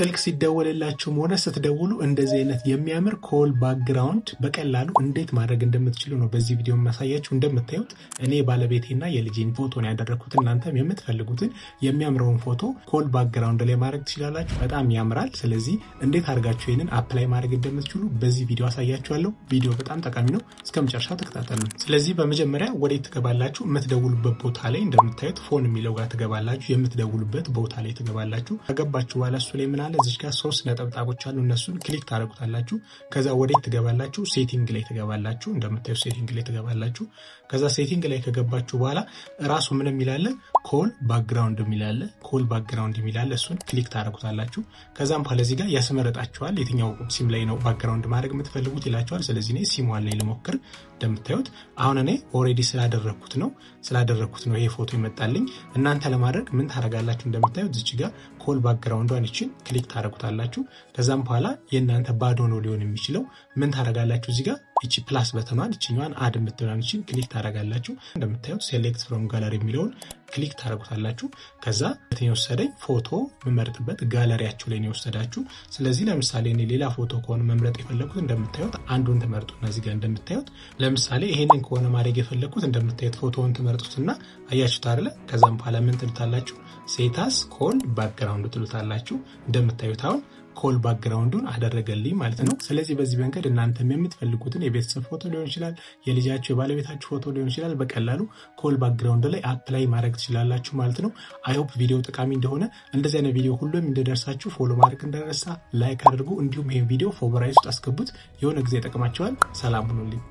ስልክ ሲደወልላችሁም ሆነ ስትደውሉ እንደዚህ አይነት የሚያምር ኮል ባክግራውንድ በቀላሉ እንዴት ማድረግ እንደምትችሉ ነው በዚህ ቪዲዮ የሚያሳያችሁ። እንደምታዩት እኔ ባለቤቴና የልጄን ፎቶ ነው ያደረግኩት። እናንተም የምትፈልጉትን የሚያምረውን ፎቶ ኮል ባክግራውንድ ላይ ማድረግ ትችላላችሁ። በጣም ያምራል። ስለዚህ እንዴት አድርጋችሁ ይህንን አፕላይ ማድረግ እንደምትችሉ በዚህ ቪዲዮ አሳያችኋለሁ። ቪዲዮ በጣም ጠቃሚ ነው፣ እስከ መጨረሻ ተከታተሉ። ስለዚህ በመጀመሪያ ወዴት ትገባላችሁ? የምትደውሉበት ቦታ ላይ እንደምታዩት ፎን የሚለው ጋር ትገባላችሁ። የምትደውሉበት ቦታ ላይ ትገባላችሁ። ከገባችሁ በኋላ እሱ ላይ ምናል አለ። እዚች ጋር ሶስት ነጠብጣቦች አሉ። እነሱን ክሊክ ታደረጉታላችሁ። ከዛ ወዴት ትገባላችሁ? ሴቲንግ ላይ ትገባላችሁ። እንደምታዩ ሴቲንግ ላይ ትገባላችሁ። ከዛ ሴቲንግ ላይ ከገባችሁ በኋላ እራሱ ምን የሚላለ ኮል ባክግራውንድ የሚላለ ኮል ባክግራውንድ የሚላለ እሱን ክሊክ ታደረጉታላችሁ። ከዛም በኋላ እዚህ ጋር ያስመረጣችኋል። የትኛው ሲም ላይ ነው ባክግራውንድ ማድረግ የምትፈልጉት ይላችኋል። ስለዚህ እኔ ሲሟን ላይ ልሞክር። እንደምታዩት አሁን እኔ ኦልሬዲ ስላደረግኩት ነው ስላደረግኩት ነው ይሄ ፎቶ ይመጣልኝ። እናንተ ለማድረግ ምን ታደረጋላችሁ? እንደምታዩት እዚች ጋር ኮል ባክግራውንዷን ይችን ክሊክ ፊት ታደረጉታላችሁ። ከዛም በኋላ የእናንተ ባዶ ነው ሊሆን የሚችለው ምን ታደረጋላችሁ? እዚጋ እቺ ፕላስ በተኗን ይችኛዋን አድ የምትሆናን ክሊክ ታደረጋላችሁ። እንደምታዩት ሴሌክት ፍሮም ጋለሪ የሚለውን ክሊክ ታደረጉታላችሁ። ከዛ የወሰደኝ ፎቶ የምመርጥበት ጋለሪያችሁ ላይ ነው የወሰዳችሁ። ስለዚህ ለምሳሌ እኔ ሌላ ፎቶ ከሆነ መምረጥ የፈለግኩት እንደምታዩት አንዱን ትመርጡና እዚህ ጋር እንደምታዩት ለምሳሌ ይሄንን ከሆነ ማድረግ የፈለግኩት እንደምታዩት ፎቶውን ትመርጡትና አያችሁት አይደለ? ከዛም በኋላ ምን ትሉታላችሁ? ሴታስ ኮል ባክግራውንድ ትሉታላችሁ። እንደምታዩት አሁን ኮል ባክግራውንዱን አደረገልኝ ማለት ነው። ስለዚህ በዚህ መንገድ እናንተም የምትፈልጉትን የቤተሰብ ፎቶ ሊሆን ይችላል፣ የልጃቸው የባለቤታችሁ ፎቶ ሊሆን ይችላል። በቀላሉ ኮል ባክግራውንድ ላይ አፕላይ ማድረግ ትችላላችሁ ማለት ነው። አይሆፕ ቪዲዮ ጠቃሚ እንደሆነ እንደዚህ አይነት ቪዲዮ ሁሉም እንደደርሳችሁ ፎሎ ማድረግ እንዳይረሳ ላይክ አድርጉ። እንዲሁም ይህን ቪዲዮ ፎቨራይ ውስጥ አስገቡት። የሆነ ጊዜ ይጠቅማቸዋል። ሰላም ሁኑልኝ።